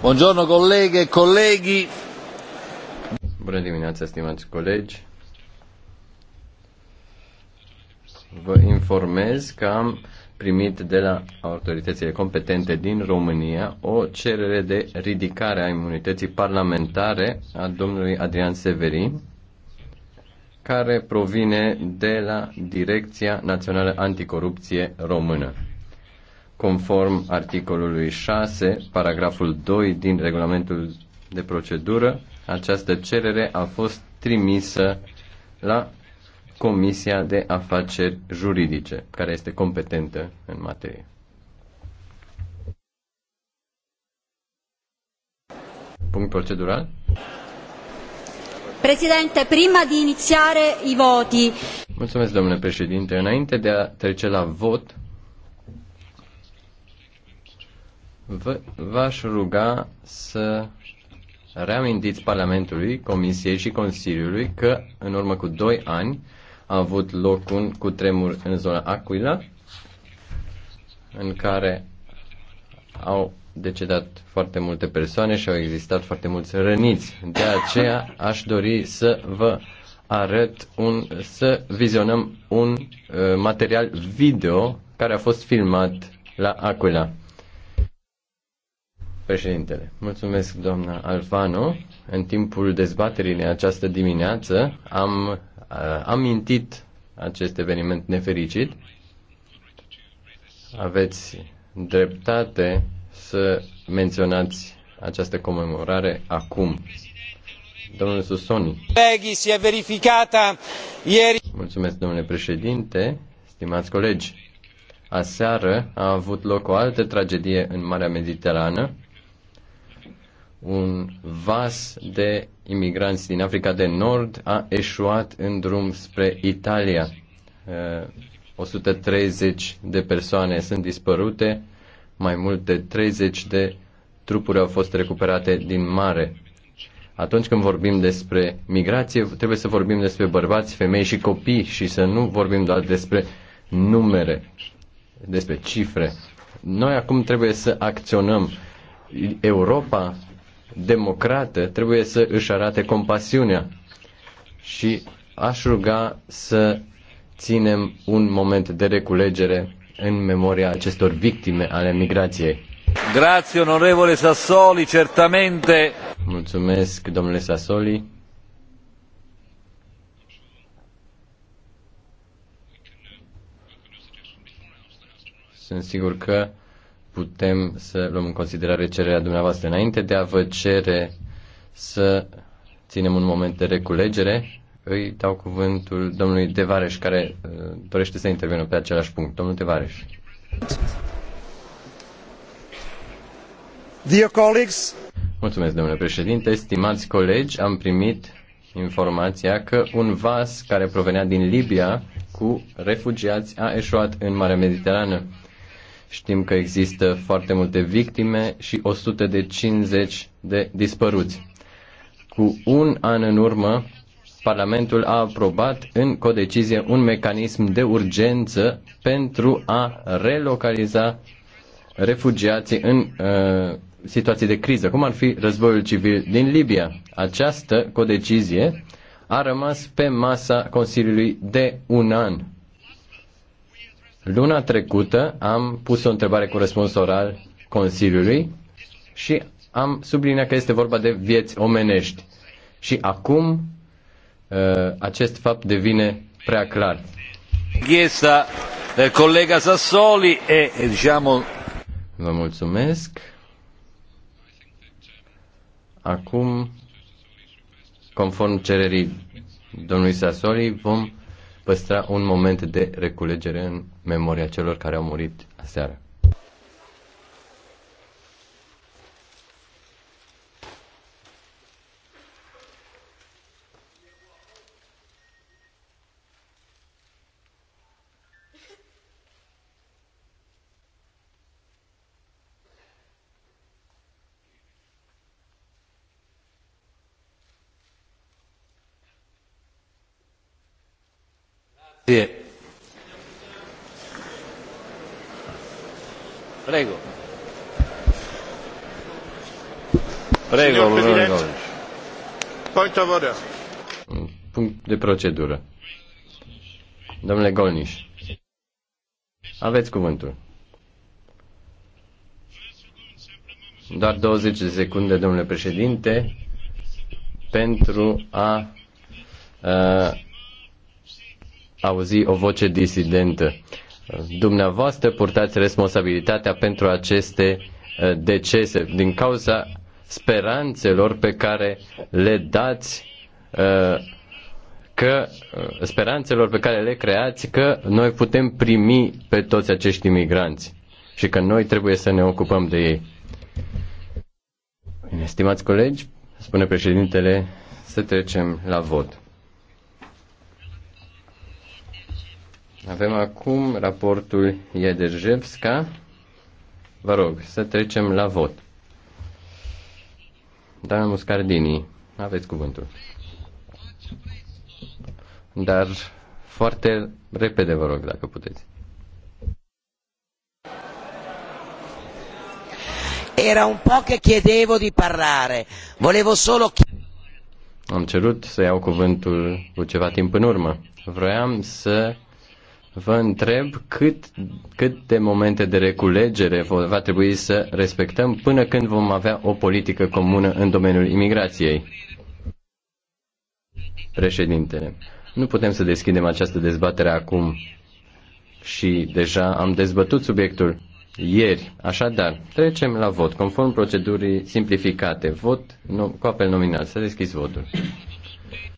Buongiorno. colleghe e colleghi. Bună dimineața, stimați colegi. Vă informez că am primit de la autoritățile competente din România o cerere de ridicare a imunității parlamentare a domnului Adrian Severin, care provine de la Direcția Națională Anticorupție Română conform articolului 6, paragraful 2 din regulamentul de procedură, această cerere a fost trimisă la Comisia de Afaceri Juridice, care este competentă în materie. Punct procedural. Presidente, prima de iniziare i voti. Mulțumesc, domnule președinte. Înainte de a trece la vot, v-aș ruga să reamintiți Parlamentului, Comisiei și Consiliului că în urmă cu 2 ani a avut loc un cutremur în zona Aquila în care au decedat foarte multe persoane și au existat foarte mulți răniți. De aceea aș dori să vă arăt un, să vizionăm un uh, material video care a fost filmat la Aquila. Președintele, mulțumesc doamna Alfano. În timpul dezbaterii în această dimineață am uh, amintit acest eveniment nefericit. Aveți dreptate să menționați această comemorare acum. Domnule Susoni. s-a verificat ieri. Mulțumesc, domnule președinte, stimați colegi. Aseară a avut loc o altă tragedie în Marea Mediterană, un vas de imigranți din Africa de Nord a eșuat în drum spre Italia. 130 uh, de persoane sunt dispărute, mai mult de 30 de trupuri au fost recuperate din mare. Atunci când vorbim despre migrație, trebuie să vorbim despre bărbați, femei și copii și să nu vorbim doar despre numere, despre cifre. Noi acum trebuie să acționăm. Europa democrată trebuie să își arate compasiunea și aș ruga să ținem un moment de reculegere în memoria acestor victime ale migrației. Grazie onorevole Sassoli, certamente. Mulțumesc domnule Sassoli. Sunt sigur că putem să luăm în considerare cererea dumneavoastră. Înainte de a vă cere să ținem un moment de reculegere, îi dau cuvântul domnului Devareș, care uh, dorește să intervină pe același punct. Domnul Devareș. Dear colleagues, Mulțumesc, domnule președinte. Stimați colegi, am primit informația că un vas care provenea din Libia cu refugiați a eșuat în Marea Mediterană. Știm că există foarte multe victime și 150 de dispăruți. Cu un an în urmă, Parlamentul a aprobat în codecizie un mecanism de urgență pentru a relocaliza refugiații în uh, situații de criză, cum ar fi războiul civil din Libia. Această codecizie a rămas pe masa Consiliului de un an Luna trecută am pus o întrebare cu răspuns oral Consiliului și am subliniat că este vorba de vieți omenești. Și acum uh, acest fapt devine prea clar. Ghesa, colega Sassoli e, diciamo... Vă mulțumesc. Acum, conform cererii domnului Sassoli, vom păstra un moment de reculegere în memoria celor care au murit aseară. Punct de procedură. Domnule Golniș, aveți cuvântul. Doar 20 de secunde, domnule președinte, pentru a, a auzi o voce disidentă. Dumneavoastră purtați responsabilitatea pentru aceste uh, decese din cauza speranțelor pe care le dați uh, că uh, speranțelor pe care le creați că noi putem primi pe toți acești imigranți și că noi trebuie să ne ocupăm de ei. Stimați colegi, spune președintele, să trecem la vot. Avem acum raportul Iederjevska. Vă rog, să trecem la vot. Doamna Muscardini, aveți cuvântul. Dar foarte repede, vă rog, dacă puteți. Era un po' che chiedevo di parlare. Volevo solo Am cerut să iau cuvântul cu ceva timp în urmă. Vroiam să vă întreb cât, cât de momente de reculegere va trebui să respectăm până când vom avea o politică comună în domeniul imigrației. Președintele, nu putem să deschidem această dezbatere acum și deja am dezbătut subiectul ieri. Așadar, trecem la vot, conform procedurii simplificate. Vot cu apel nominal. Să deschizi votul.